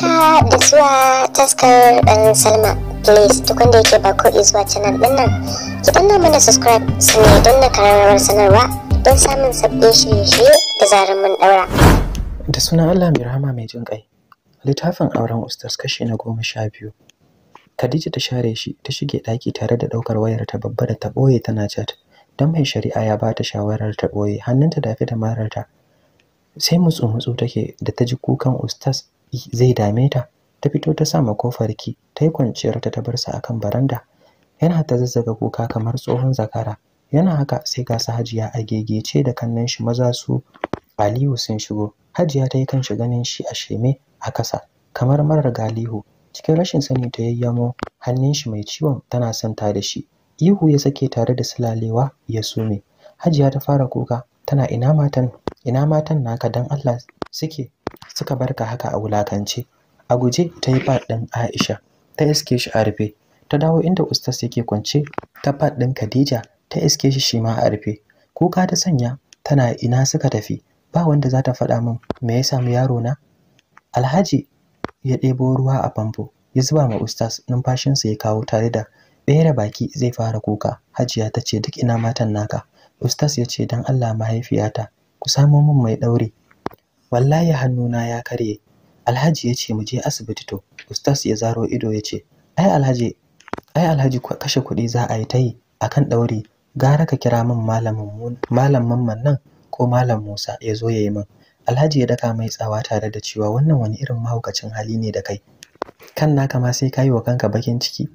haka da zuwa taskar dan salma please duk wanda yake ba ko zuwa canal din nan ki danna mana subscribe su ne don na kararrawar sanarwa don samun sabbin shirye-shirye da zarar mun daura da sunan allah mai rahama mai jin kai littafin auren ustas kashi na goma sha biyu khadija ta share shi ta shige ɗaki tare da ɗaukar wayar ta babba da ta ɓoye tana chat don mai shari'a ya ba ta shawarar ta ɓoye hannunta dafe da mararta sai mutsu-mutsu take da ta ji kukan ustas zai dame ta ta fito ta sa makofarki ta yi kwanciyar ta bar sa akan baranda yana ta zazzaga kuka kamar tsohon zakara yana haka sai ga su hajiya a gegece da kannan shi maza su aliyu sun shigo hajiya ta yi kan shi ganin shi a sheme a kasa kamar marar galihu cikin rashin sani ta yayyamo hannun shi mai ciwon tana santa da shi ihu ya sake tare da sulalewa ya sume hajiya ta fara kuka tana ina matan ina matan naka dan Allah suke suka barka haka a wulakance a guje ta yi faɗin ɗin Aisha ta iske shi a rufe ta dawo inda ustas yake kwance ta faɗin ɗin Khadija ta iske shi shi ma a rufe kuka ta sanya tana ina suka tafi ba wanda za ta faɗa min me ya samu yaro na Alhaji ya ɗebo ruwa a famfo ya zuba ma ustas numfashinsa ya kawo tare da ɓera baki zai fara kuka hajiya ta ce duk ina matan naka ustas ya ce don allah mahaifiyata ku samo min mai ɗaure wallahi na ya karye alhaji ya ce mu je asibiti to ustas ya zaro ido ya ce ai alhaji ai alhaji kashe kuɗi za a yi ta yi akan ɗauri gara ka kira min malamin malam mamman nan ko malam musa ya zo ya yi min alhaji ya daka mai tsawa tare da cewa wannan wani irin mahaukacin hali ne da kai kan naka ma sai ka yi wa kanka bakin ciki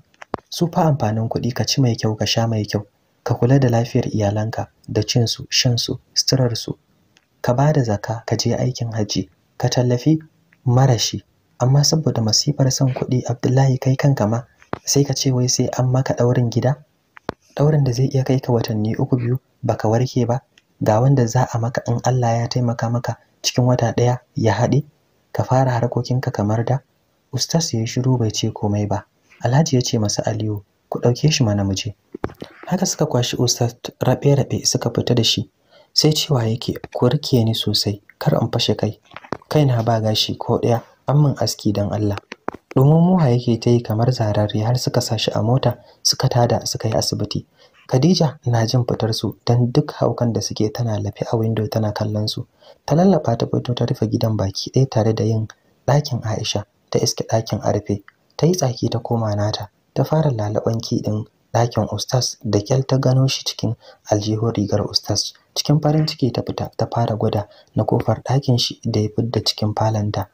su fa amfanin kuɗi ka ci mai kyau ka sha mai kyau ka kula da lafiyar iyalanka da cinsu shansu suturarsu ka ba da zaka ka je aikin hajji ka tallafi marashi amma saboda masifar son kuɗi abdullahi kai kanka ma sai ka ce wai sai an maka ɗaurin gida ɗaurin da zai iya kai ka watanni uku biyu ba ka warke ba ga wanda za a maka in Allah ya taimaka maka cikin wata ɗaya ya haɗe ka fara harkokinka kamar da ustas ya shiru bai ce komai ba alhaji ya ce masa aliyu ku ɗauke shi ma namiji. haka suka kwashi ustas raɓe-raɓe suka fita da shi sai cewa yake ku rike ni sosai kar in fashe kai Kai na ba gashi ko ɗaya an min aski don Allah domin muha yake ta yi kamar zarare har suka sashi a mota suka tada suka yi asibiti Khadija na jin fitar su don duk haukan da suke tana lafi a window tana kallon su ta lallafa ta fito ta rufe gidan baki ɗaya tare da yin ɗakin Aisha ta iske ɗakin a rufe ta yi tsaki ta koma nata ta fara lalaban ki ɗin ɗakin ustas da kyal ta gano shi cikin aljihun rigar ustas cikin farin ciki ta fita ta fara gwada na kofar ɗakin shi da ya fidda cikin falanta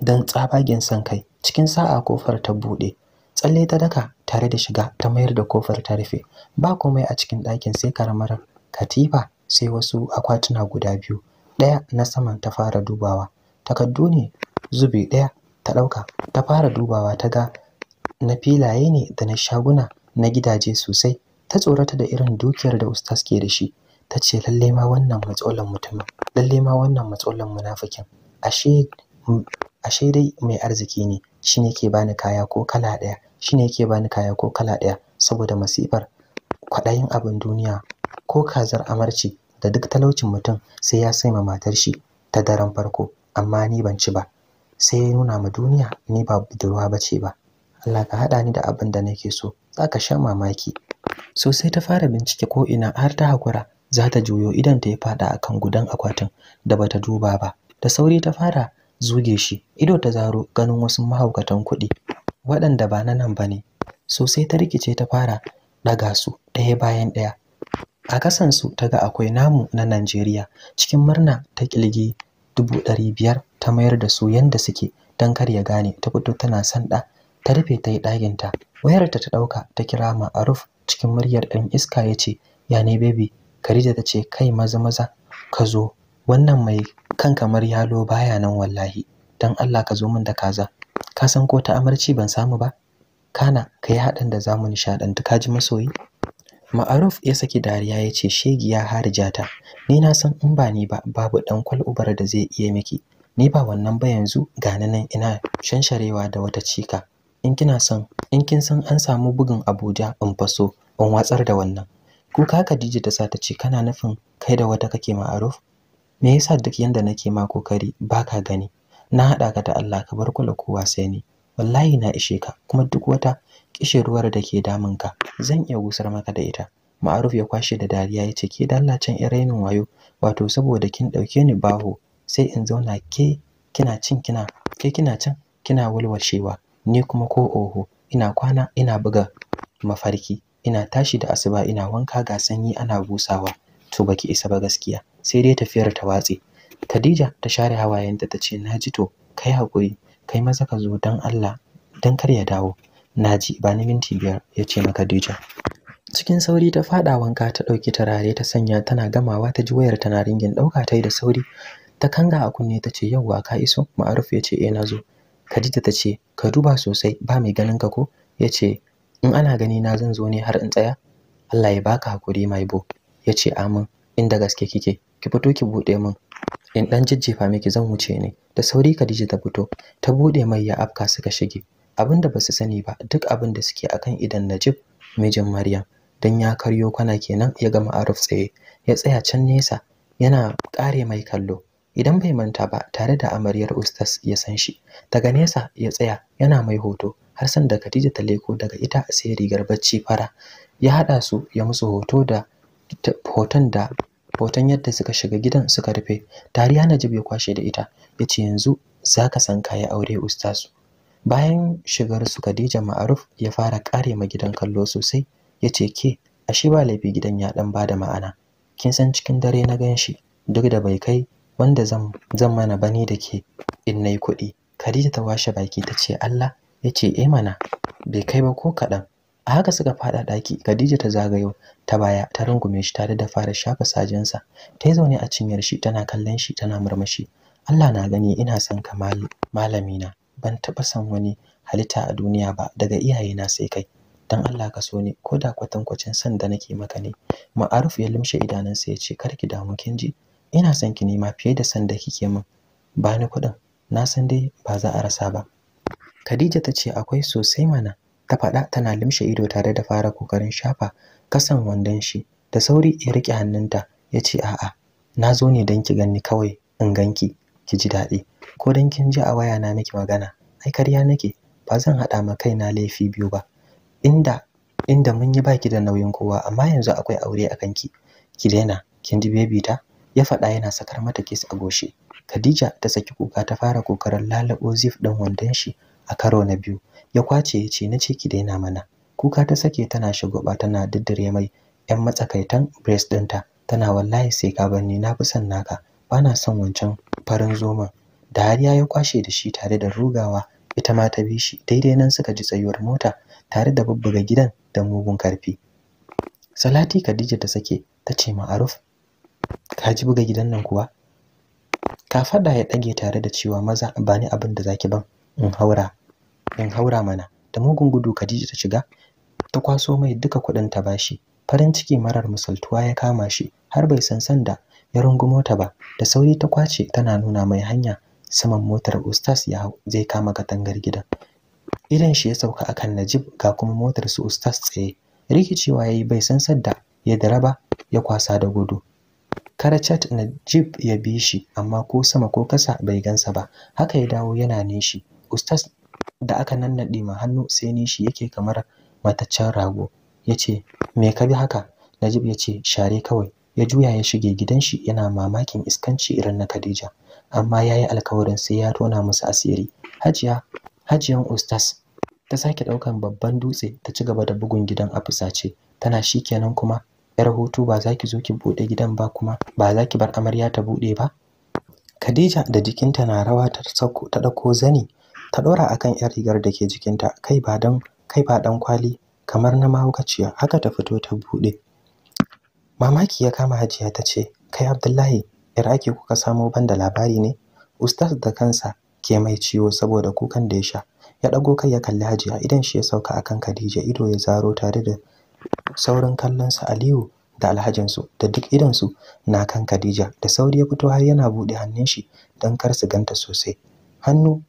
don tsabagen son kai cikin sa'a kofar ta buɗe tsalle ta daka tare da shiga ta mayar da kofar ta rufe ba komai a cikin ɗakin sai karamar katifa sai wasu akwatuna guda biyu ɗaya na saman ta fara dubawa takardu ne zubi ɗaya ta ɗauka ta fara dubawa ta ga na filaye ne da na shaguna na gidaje sosai ta tsorata da irin dukiyar da ustas ke da shi ta ce lalle ma wannan matsalar mutumin lalle ma wannan munafikin ashe mm, ashe dai mai arziki ne shine yake bani kaya ko kala daya shine yake bani kaya ko kala ɗaya saboda masifar kwaɗayin abin duniya ko kazar amarci da duk talaucin mutum sai ya sai ma matar shi ta daren farko amma ni ban ci ba sai ya nuna ma duniya ni ba budurwa ce ba Allah ka haɗa ni da abin da nake so za ka sha mamaki so sai ta fara bincike ko ina har ta hakura za ta juyo ta ya fada akan gudan akwatin da bata duba ba da sauri ta fara zuge shi ido ta zaro ganin wasu mahaukatan kuɗi waɗanda ba na nan ba ne sosai ta rikice ta fara ɗaga su ɗaya bayan ɗaya a kasansu ta ga akwai namu na najeriya cikin murna ta ƙilgi dubu ɗari biyar ta mayar da su yanda suke don kar ya gane ta fito tana son ɗa ta rufe ta yi ɗaginta wayarta ta ɗauka ta kira aruf cikin muryar ɗan iska ya ce ya ne bebi Khadija ta ce kai maza maza ka zo wannan mai kan kamar yalo baya nan wallahi dan Allah ka zo min da kaza ka san ko ta amarci ban samu ba kana kai haɗin da zamu nishadantu ka ji masoyi Ma'aruf ya saki dariya ya ce shegiya harjata. ni na san in ba ni ba babu dan kwal'ubar da zai iya miki ni ba wannan ba yanzu Gane nan ina shansharewa da wata cika in kina son in kin san an samu bugun Abuja in faso in watsar da wannan Kuka Khadija ta sa ta ce kana nufin kai da wata kake ma'aruf? Me yasa duk yanda nake ma kokari baka gani? Na haɗa ka da Allah ka bar kula kowa sai ni. Wallahi na ishe ka kuma duk wata kishirwar da ke damun ka zan iya gusar maka da ita. Ma'aruf ya kwashe da dariya ya ce ke dallacin can irainin wayo wato saboda kin ɗauke ni baho sai in zauna ke kina cin kina ke kina cin kina walwashewa ni kuma ko oho ina kwana ina buga mafarki ina tashi da asuba ina wanka ga sanyi ana busawa to baki isa ba gaskiya sai dai tafiyar ta watse Khadija ta share hawayenta ta ce ji to kai hakuri kai maza ka zo dan Allah dan kar ya dawo naji ba ni minti biyar ya ce ma Khadija cikin sauri ta fada wanka ta ɗauki tarare ta sanya tana gamawa ta ji wayar tana ringin dauka ta da sauri ta kanga a kunne ta ce yauwa ka iso ma'aruf ya ce eh zo. Khadija ta ce ka duba sosai ba mai ganin ka ko ya ce in ana gani na zan zo ne har in tsaya Allah ya baka hakuri mai bo yace amin da gaske kike ki fito ki bude min in dan jijjefa miki zan wuce ne da sauri Khadija ta fito ta bude mai ya afka suka shige abinda basu sani ba duk abinda suke akan idan Najib mijin Maryam dan ya karyo kwana kenan ya gama aruf tsaye ya tsaya can nesa yana kare mai kallo idan bai manta ba tare da amaryar ustas ya san shi daga nesa ya tsaya yana mai hoto har san da Khadija ta leko daga ita sai rigar bacci fara ya hada su ya musu hoto da hoton da hoton yadda suka shiga gidan suka rufe tariya Najib ya kwashe da ita yace yanzu zaka san kayi aure ustaz bayan shigar su Khadija Ma'aruf ya fara kare ma gidan kallo sosai yace ke ashe ba laifi gidan ya dan bada ma'ana kin san cikin dare na ganshi duk da bai kai wanda zan zan mana bani da ke in nayi kuɗi Khadija ta washe baki ta ce Allah ya ce e mana bai kai ba ko kaɗan a haka suka faɗa ɗaki khadija ta zagayo ta baya ta rungume shi tare da fara shafa sajensa ta yi zaune a cinyar shi tana kallon shi tana murmushi allah na gani ina son ka malami na. ban taɓa son wani halitta a duniya ba daga iyayena sai kai dan Allah ka so ni ko da kwatankwacin san da nake maka ne ma'aruf ya lumshe idanunsa ya ce kar ki damu kin ji ina son ki nema fiye da san da kike min ba ni kuɗin na san dai ba za a rasa ba Khadija ta ce akwai sosai mana ta faɗa tana limshe ido tare da fara kokarin shafa kasan wandon shi da sauri ya rike hannunta ya ce a'a na zo ne don ki ganni kawai in ganki ki ji daɗi ko don kin ji a waya na miki magana ai karya nake ba zan haɗa ma kai na laifi biyu ba inda inda mun yi baki da nauyin kowa amma yanzu akwai aure a kanki ki daina kin ji bebi ta ya faɗa yana sakar mata kis a goshe Khadija ta saki kuka ta fara kokarin lalabo zif ɗin wandon shi a karo na biyu ya kwace ya ce na ce ki daina mana kuka ta sake tana shagwaba tana daddare mai yan matsakaitan breast ɗinta tana wallahi sai ka banni na fi son naka bana son wancan farin zoma. da har ya kwashe da shi tare da rugawa ita ma ta bi shi daidai nan suka ji tsayuwar mota tare da bubbuga gidan da mugun karfi salati khadija ta sake ta ce ma'aruf ka ji buga gidan nan kuwa ka fada ya dage tare da cewa maza ba ni abin da zaki ban in haura in haura mana da mugun gudu Khadija ta shiga ta kwaso mai duka kuɗin ta bashi farin ciki marar misaltuwa ya kama shi har bai san sanda ya rungumo ta ba da sauri ta kwace tana nuna mai hanya saman motar ustaz ya hau zai kama katangar gidan idan shi ya sauka akan najib ga kuma motar su ustaz tsaye rikicewa yayi bai san sanda ya daraba ya kwasa da gudu karachat najib ya bi shi amma ko sama ko kasa bai gansa ba haka ya dawo yana nishi ustaz da aka nannaɗe ma hannu sai ni nishi yake kamar mataccen rago ya ce me ka bi haka najib ya ce share kawai ya juya ya shige gidan shi yana mamakin iskanci irin na khadija amma ya yi alkawarin sai ya tona musu asiri hajiya hajiyan ustas ta sake ɗaukan babban dutse ta ci gaba da bugun gidan a fusace tana shikenan kuma yar hutu ba za ki zo ki buɗe gidan ba kuma ba za ki bar amarya ta buɗe ba Khadija da jikinta na rawa ta sako ta ɗauko zani ta ɗora akan yar rigar da ke jikinta kai ba dan kai ba dan kwali kamar na mahaukaciya haka ta fito ta buɗe mamaki ya kama hajiya ta ce kai abdullahi yar ake kuka samo banda labari ne ustaz da kansa ke mai ciwo saboda kukan da ya sha ya ɗago kai ya kalli hajiya idan shi ya sauka akan khadija ido ya zaro tare da saurin kallon kallonsa aliyu da alhajinsu da duk idonsu na kan khadija da sauri ya fito har yana buɗe hannun shi don kar su ganta sosai hannu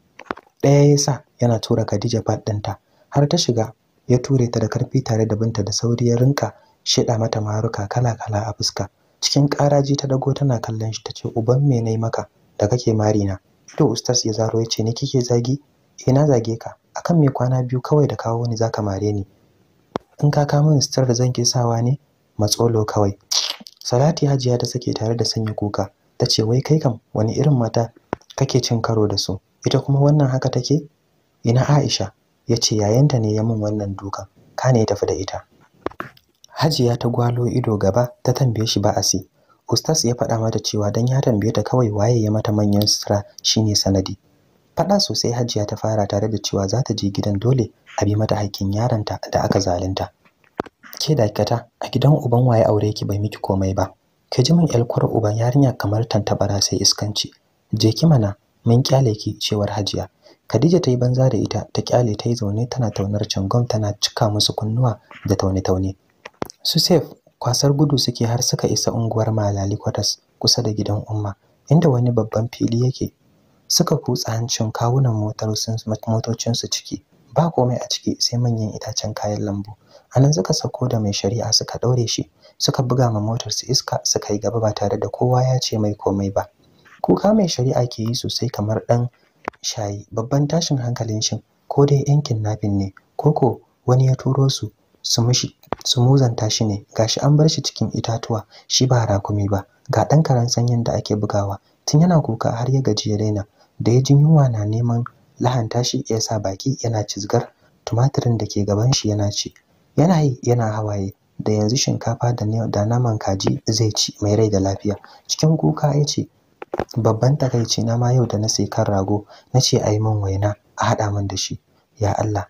ɗaya ya sa yana tura Khadija faɗinta, har ta shiga ya ture ta da karfi tare da binta da sauri ya rinka shiɗa mata maruka kala-kala a fuska cikin karaji ta dago tana kallon shi tace uban me nayi maka da kake mari na to Ustas ya zaro yace ni kike zagi eh na zage ka akan me kwana biyu kawai da kawo ni zaka mare ni in ka kawo min sitar da zan ke sawa ne matsolo kawai salati hajiya ta sake tare da sanya kuka tace wai kai kam wani irin mata kake cin karo da su ita kuma wannan haka take ina Aisha ya ce yayanta ne ya min wannan dukan kane ne tafi da ita Hajiya ta gwalo ido gaba ta tambaye shi ba'asi Ustaz ya faɗa mata cewa dan ya tambaye ta kawai waye ya mata manyan sura shine sanadi faɗa sosai Hajiya ta fara tare da cewa za ta je gidan dole a bi mata hakkin yaronta da aka zalunta ke dakata a gidan uban waye aure ki bai miki komai ba ki ji min yalkwar uban yarinya kamar tantabara sai iskanci je ki mana mun kyale ki cewar Hajiya Khadija ta yi banza da ita ta kyale ta yi zaune tana taunar cangom tana cika musu kunnuwa da taune taune su Saif kwasar gudu suke har suka isa unguwar Malali Kwatas kusa da gidan Umma inda wani babban fili yake suka kutsa hancin kawunan motocinsu ciki ba komai a ciki sai manyan itacen kayan lambu anan suka sako da mai shari'a suka ɗaure shi suka buga ma motar su iska suka yi gaba ba tare da kowa ya ce mai komai ba kuka mai shari'a ke yi sosai kamar ɗan shayi babban tashin hankalin shin ko dai yankin kidnapping ne koko wani ya turo su su muzanta shi ne gashi an bar shi cikin itatuwa shi ba rakumi ba ga ɗan karen sanyin da ake bugawa tun yana kuka har ya gaji ya daina da ya ji yunwa na neman lahanta shi ya sa baki yana cizgar tumatirin da ke gaban shi yana ci yana yi yana hawaye da yanzu shinkafa da naman kaji zai ci mai rai da lafiya cikin kuka ya ce babban takaici na ma yau da na sai kan rago na ce a yi min waina a haɗa min da shi ya Allah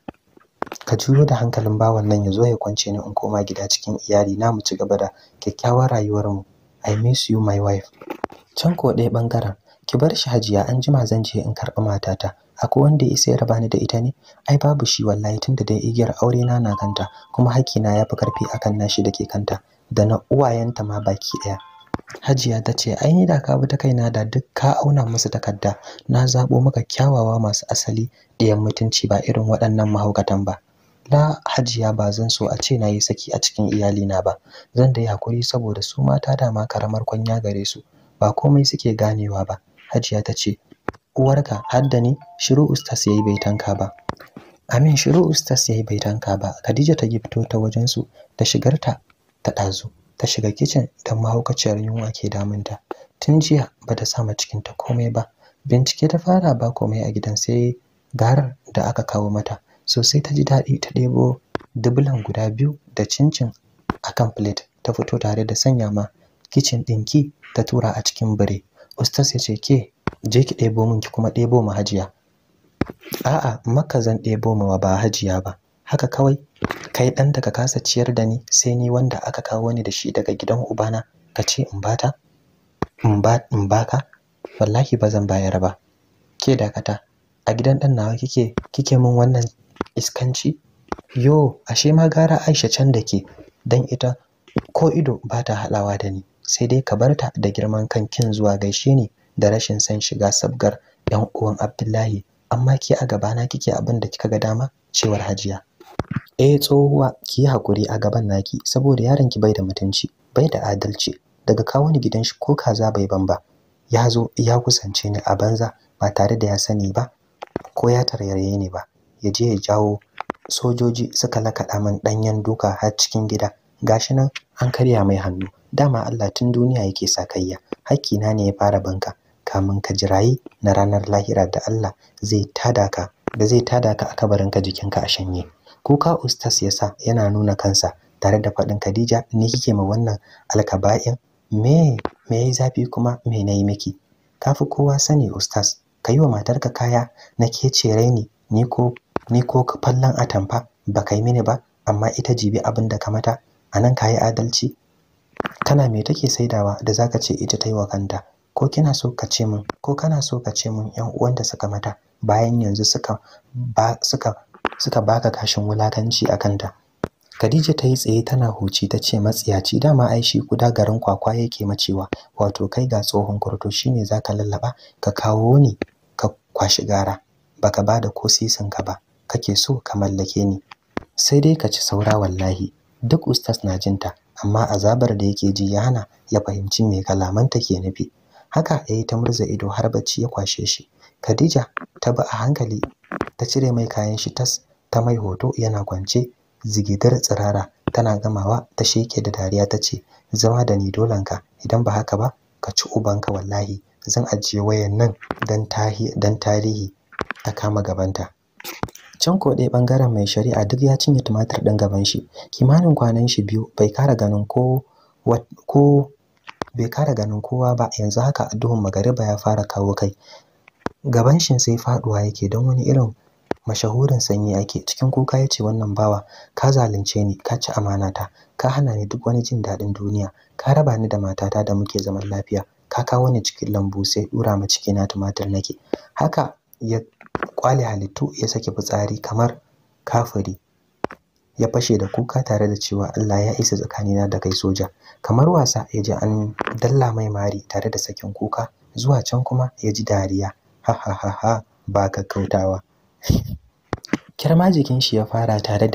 ka juyo da hankalin bawan nan ya zo ya kwance ni in koma gida cikin iyali na mu ci gaba da kyakkyawar rayuwar mu I miss you my wife can ko ɗaya ɓangaren? ki bar shi hajiya an jima zan je in karɓi matata akwai wanda ya isa ya raba ni da ita ne ai babu shi wallahi tunda dai igiyar aure na na kanta kuma hakina ya fi karfi akan nashi da ke kanta da na uwayenta ma baki ɗaya Hajiya ta ce, "Ai ni da ka bi ta kaina da duk ka auna musu takarda, na zaɓo maka kyawawa masu asali da yan mutunci ba irin waɗannan mahaukatan ba." Na Hajiya ba zan so a ce na yi saki a cikin iyalina ba, zan dai hakuri saboda su mata dama karamar kwanya gare su, ba komai suke ganewa ba. Hajiya ta ce, "Uwarka har da ni?" Shiru ustas ya yi bai tanka ba. Amin shiru ustas ya yi bai tanka ba. Khadija ta gifto ta wajensu da shigarta ta ɗazu. ta shiga kicin don mahaukaciyar yunwa ke damunta tun jiya ba ta sama cikinta komai ba bincike ta fara ba komai a gidan sai garar da aka kawo mata sosai ta ji daɗi ta ɗebo dubulan guda biyu da cincin a kan plate ta fito tare da sanya ma kicin ki ta tura a cikin bire ustas ya ce ke je ki ɗebo min ki kuma ɗebo ma hajiya a'a maka zan ɗebo ma ba hajiya ba haka kawai kai ɗan da ka kasa ciyar da ni sai ni wanda aka kawo ni da shi daga gidan ubana ka ce in bata in ba in baka wallahi ba zan bayar ba ke dakata a gidan dan nawa kike kike min wannan iskanci yo ashe ma gara Aisha can da ke dan ita ko ido ba ta halawa da ni sai dai ka barta da girman kan kin zuwa gaishe ni da rashin san shiga sabgar yan uwan Abdullahi amma ke a gabana kike abin da kika ga dama cewar Hajiya eh tsohuwa ki yi hakuri a gaban naki saboda yaron ki bai da mutunci bai da adalci daga kawo ni gidan shi ko kaza bai ban ba ya zo ya kusance ni a banza ba tare da ya sani ba ko ya tarayyare ni ba ya je ya jawo sojoji suka lakaɗa min ɗanyen duka har cikin gida gashi nan an karya mai hannu dama Allah tun duniya yake sakayya hakkina ne ya fara banka kamun ka jirayi na ranar lahira da Allah zai tada ka da zai tada ka a ka jikinka a shanye kuka ustas yasa yana nuna kansa tare da faɗin khadija ni kike ma wannan alkaba'in me me yayi zafi kuma me nayi miki kafi kowa sani ustas yi wa matarka kaya na ke cere ni ni ko ni ko fallan atamfa ba kai mini ba amma ita jibi abin da ka mata anan kayi adalci kana me take saidawa da zaka ce ita ta yi wa kanta ko kina so ka ce min ko kana so ka ce min yan uwan da suka mata bayan yanzu suka ba suka suka baka kashin wulakanci a kanta Khadija ta yi tsaye tana huci ta ce matsiyaci dama ai shi kuda garin kwakwa yake macewa wato kai ga tsohon kurto shine zaka lallaba ka kawo ni ka kwashi gara baka bada ko sisin ka ba kake so ka mallake ni sai dai ka ci saura wallahi duk ustas na jinta amma azabar da yake ji ya hana ya fahimci me kalamanta ke nufi haka yayi ta murza ido har bacci ya kwashe shi Khadija ta bi a hankali ta cire mai kayan shi tas ta mai hoto yana kwance zigidar tsirara tana gamawa ta sheke da dariya ta ce zama da ni dolanka idan ba haka ba ka ci ubanka wallahi zan ajiye wayan nan dan tarihi ta kama gabanta can ko ɗaya ɓangaren mai shari'a duk ya cinye tumatir ɗin gaban shi kimanin kwanan shi biyu bai kara ganin ko ko bai kara ganin kowa ba yanzu haka addu'un magariba ya fara kawo kai gaban shi sai faduwa yake don wani irin mashahurin sanyi ake cikin kuka ya ce wannan bawa ka zalunce ni ka ci amanata ka hana ni duk wani jin daɗin duniya ka raba ni da matata da muke zaman lafiya ka kawo ni cikin lambu sai dura ma ciki na tumatir nake haka ya kwale halittu ya saki fitsari kamar kafiri ya fashe da kuka tare da cewa Allah ya isa tsakanina da kai soja kamar wasa ya ji an dalla mai mari tare da sakin kuka zuwa can kuma ya ji dariya ha ha ha ha ba kautawa. kirma jikin shi ya fara tare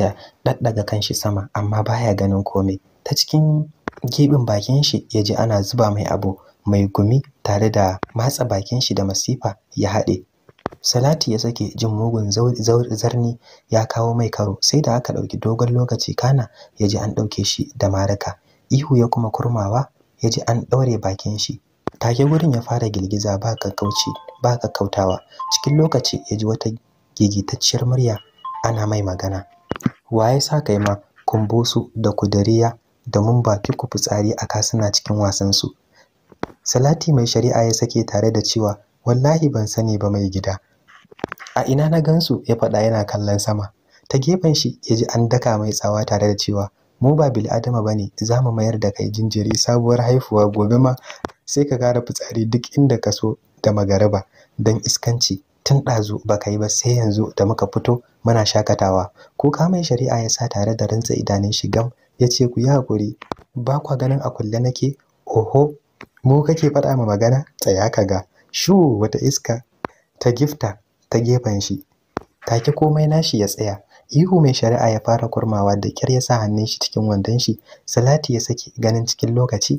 da kan shi sama amma baya ganin komai ta cikin gibin bakin shi ya ji ana zuba mai abu mai gumi tare da matsa bakin shi da masifa ya haɗe salati ya sake jin mugun zarni ya kawo mai karo sai da aka ɗauki dogon lokaci kana ya ji an ɗauke shi da maraka ihu ya kuma kurmawa ya ji an ɗaure bakin shi take gurin ya fara girgiza ba kakkautawa cikin lokaci ya ji wata gigitacciyar murya ana mai magana Wa ya sa kai ma kumbosu da kudariya da mun baki ku fitsari a kasuna cikin wasansu salati mai shari'a ya sake tare da cewa wallahi ban sani ba mai gida a ina na gansu ya faɗa yana kallon sama ta gefen shi ya ji an daka mai tsawa tare da cewa mu ba bil'adama ba ne za mu mayar da kai jinjiri sabuwar haifuwa gobe ma sai ka gara fitsari duk inda ka so da magaraba don iskanci tun ɗazu ba ka yi ba sai yanzu da muka fito muna shakatawa kuka mai shari'a ya sa tare da rantsa idanun shi gam ya ce ku yi hakuri ba kwa ganin a kulle nake oho mu kake faɗa ma magana tsaya ka ga shu wata iska ta gifta ta gefen shi Ta ki komai nashi ya tsaya ihu mai shari'a ya fara kurmawa da kyar ya sa hannun shi cikin wandon shi salati ya sake ganin cikin lokaci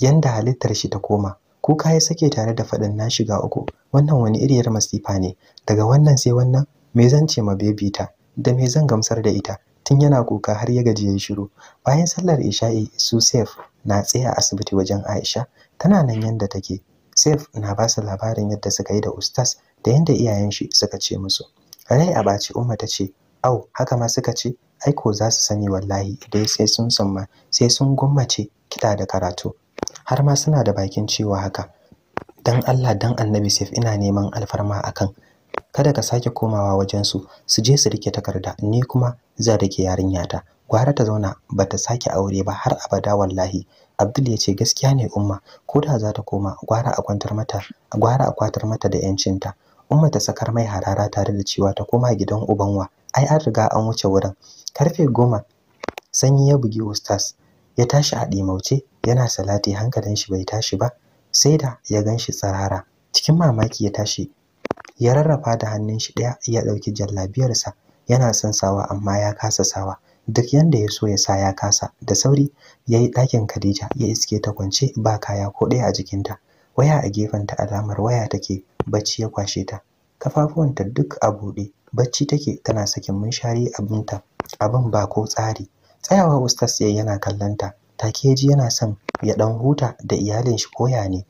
yanda halittar shi ta koma kuka ya sake tare da faɗin na shiga uku wannan wani iriyar masifa ne daga wannan sai wannan me zan ce ma baby ta da me zan gamsar da ita tun yana kuka har ya gaji yayi shiru bayan sallar isha'i su safe na tsaya a asibiti wajen Aisha tana nan yanda take sef na ba su labarin yadda suka yi da ustas da yanda iyayen shi suka ce musu rai a baci umma ta ce au haka ma suka ce aiko za su sani wallahi dai sai sun samma sai sun gummace kiɗa da karatu har ma suna da bakin cewa haka dan Allah dan Annabi Saif ina neman alfarma akan kada ka sake komawa wajen su su je su rike takarda ni kuma zan rike yarinyata gwara ta zauna bata sake aure ba har abada wallahi Abdul ya ce gaskiya ne umma ko da za ta koma gwara a kwantar mata gwara a kwatar mata da yancinta umma ta sakar mai harara tare da cewa ta koma gidan ubanwa ai an riga an wuce wurin karfe goma sanyi ya bugi ustas ya tashi a ɗimauce yana salati hankalin shi bai tashi ba sai da ya ganshi tsirara cikin mamaki ya tashi ya rarrafa da hannun shi ɗaya, ya dauki jallabiyarsa yana son sawa amma ya kasa sawa duk yanda ya so ya sa ya kasa da sauri ya yi ɗakin Khadija ya iske ta kwance ba kaya ko ɗaya a jikinta waya a gefenta alamar waya take bacci ya kwashe ta kafafuwanta duk a buɗe bacci take tana sakin munshari abinta abin ba ko tsari tsayawa ustas yayi yana kallanta take yana son ya ɗan huta da iyalin shi koya ne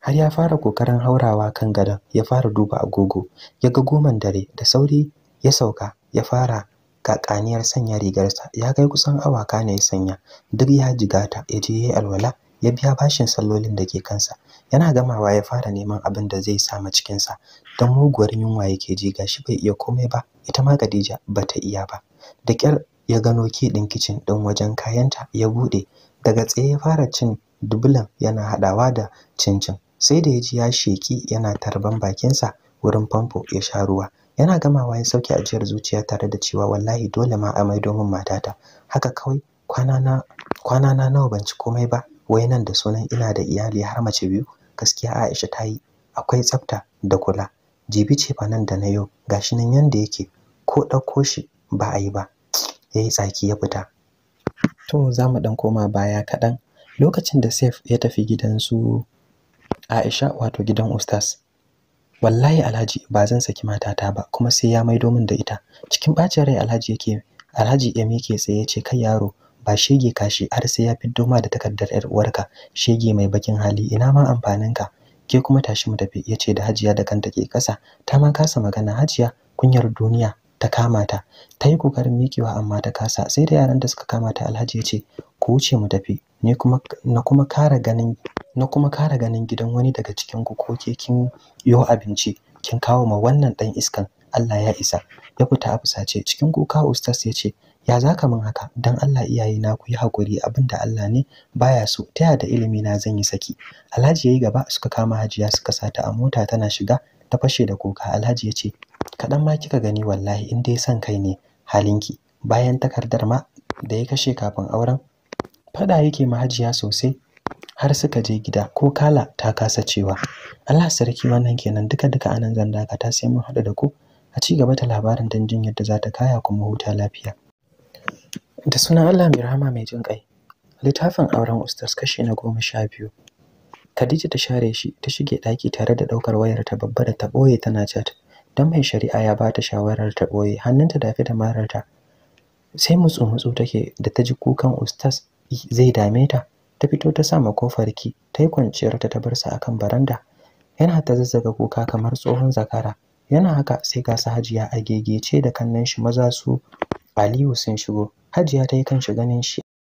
har ya fara kokarin haurawa kan gadon ya fara duba agogo ya ga goman dare da sauri ya sauka ya fara kakaniyar sanya rigarsa ya kai kusan awaka ne ya sanya duk ya jigata ya je yayi alwala ya biya bashin sallolin da ke kansa yana gamawa ya fara neman abin da zai sa cikinsa don muguwar yunwa yake ji gashi bai iya komai ba ita ma Khadija bata iya ba da kyar ya gano keɗin kicin ɗin wajen kayanta ya buɗe daga tsaye ya fara cin dubulan yana haɗawa da cincin sai da ya ji ya sheki yana tarban bakinsa wurin famfo ya sha ruwa yana gamawa ya sauke ajiyar zuciya tare da cewa wallahi dole ma amai domin matata haka kawai kwana na nawa ban ci komai ba wai nan da sunan ina da iyali har mace biyu gaskiya Aisha ta yi akwai tsafta da kula jibi ce fa nan da na yau gashi nan yanda yake ko ɗauko shi ba a yi ba ya yi tsaki ya fita to za mu dan koma baya kaɗan lokacin da saif ya tafi gidan su aisha wato gidan ustas wallahi alhaji ba zan saki matata ba kuma sai ya maido min da ita cikin bacin rai alhaji yake alhaji ya mike tsaye ya ce kai yaro ba shege kashi har sai ya fiddo ma da takardar yar uwarka shege mai bakin hali ina ma amfaninka ke kuma tashi mu tafi ce. da hajiya da kanta ke kasa ta ma kasa magana hajiya kunyar duniya ta kama ta ta yi kokarin mikewa amma ta kasa sai da yaran da suka kama ta alhaji ya ce ku wuce mu tafi ne na kuma kara ganin gidan wani daga cikin ku ko ke kin yo abinci kin kawo ma wannan dan iskan Allah ya isa ya fita a fusace cikin kuka ustaz ya ce ya za ka min haka dan Allah iyaye na ku yi hakuri abinda Allah ne baya so taya da ilimi na zan yi saki Alhaji ya yi gaba suka kama Hajiya suka sata a mota tana shiga ta fashe da kuka Alhaji ya ce kaɗan ma kika gani wallahi in dai son kai ne halinki bayan takardar ma da ya kashe kafin auren faɗa yake mahajiya sosai har suka je gida ko kala ta kasa cewa Allah sarki wannan kenan duka duka anan zan dakata sai mun haɗu da ku a ci gaba da labarin don jin yadda za ta kaya kuma huta lafiya da sunan Allah mai rahama mai jin kai littafin auren ustas kashe na goma sha biyu Khadija ta share shi ta shige ɗaki tare da ɗaukar wayar ta babba da ta ɓoye tana chat don mai shari'a ya ba ta shawarar ta ɓoye hannunta da dafi da mararta sai mutsu mutsu take da ta ji kukan ustas zai dame ta ta fito ta sa kofar ki ta yi kwanciyar ta bar sa akan baranda yana ta zazzaga kuka kamar tsohon zakara yana haka sai ga su hajiya a gegece da kannan shi maza su aliyu sun shigo hajiya ta yi kan shi ganin shi